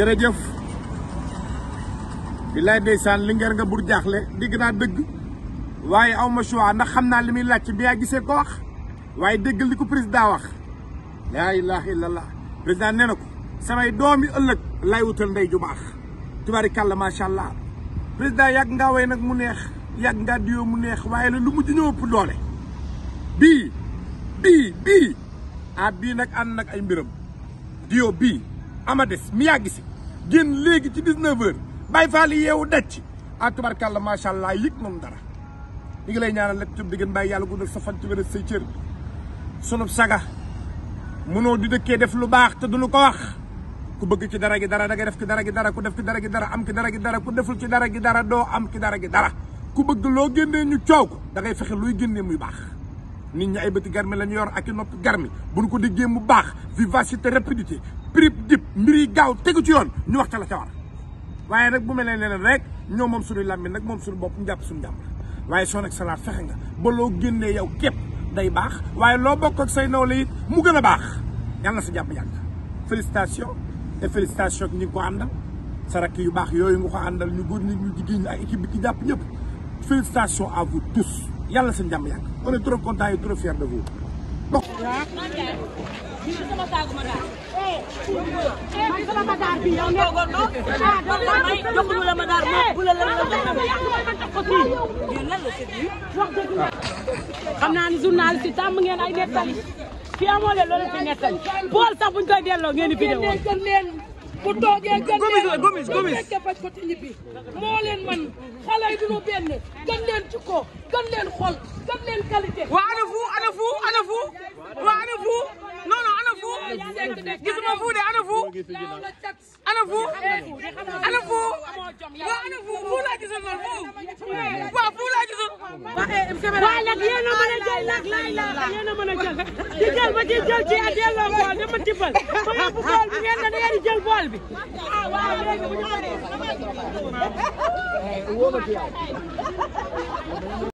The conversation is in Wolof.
jërëjëf billaay ndeysaan li ngeen nga bur jaaxle dégg naa dëgg waaye aw ma choix ndax xam naa li muy laaj bi yaa gisee ko wax waaye déggal li ko président wax laa ilaha illallah président nee na ko samay doomi ëllëg lay wutal ndey ju baax tubaari kàlla macha allah président yàgg ngaa way nag mu neex yàgg ngaa diyoo mu neex waaye la lu mujj ñëw ëpp doole bii bii bii ah bii nag ànd nag ay mbiram diyo bii amades mi yàgg si génn léegi ci 19h bàyyi faal yi yeewu daj ci ah tubarkàlla macha allah yëg moom dara ñu ngi lay ñaanal lépp di gën bàyyi yàlla guddal sa fan ci wér say cër sunub saga mënoo di dëkkee def lu baax te duñu ko wax ku bëgg ci dara gi dara da def ki dara gi dara ku def ki dara gi dara am ci dara gi dara ku deful ci dara gi dara doo am ci dara gi dara ku bëgg loo génnee ñu coow ko da ngay fexe luy génnee muy baax nit ñi ay bëti garmi lañu yor ak i noppi garmi bu ñu ko déggee mu baax vivacité rapidité prib dip mbir yi gaaw tegu ci yoon ñu wax a la ca war waaye nag bu mel ne leen rek ñoo moom suñuy làmmiñ nag moom suñu bopp ñu jàpp suñu jàmbur waaye soo nag salaat fexe nga ba loo génnee yow képp day baax waaye loo bokk ak say nawle it mu gën a baax yàlla na sa jàpp yàgg félicitation et félicitation ak ñi nga ko àndal sa rakk yu baax yooyu nga ko àndal ñu góor nit ñu jigéen ñi ak équipe bi ci jàpp ñëpp félicitation à vous tous yàlla sa jàmm yàgg on est trop content et trop Ah, xam naa ni journaliste yi tàmm ngeen ay nettali fi amoo leen loolu fi nettali bool sax buñ delloo ngeen di vidéo bu toogee gën leen gomis gomis fekkee faj ko ci ñibbi moo ana fu ana fu ana fu eh, ana fu waaw ana fu fu laa gisoon lool fu waaw fu laa gisoon. Eh, eh, waaye nag yéen a mën a jël nag laay laa yéen a mën a jël di jël ba di jël ci ak delloo bool dama tibbal ma yóbbu bool bi ngeen ne da ngeen di jël bool bi. Ah, waaw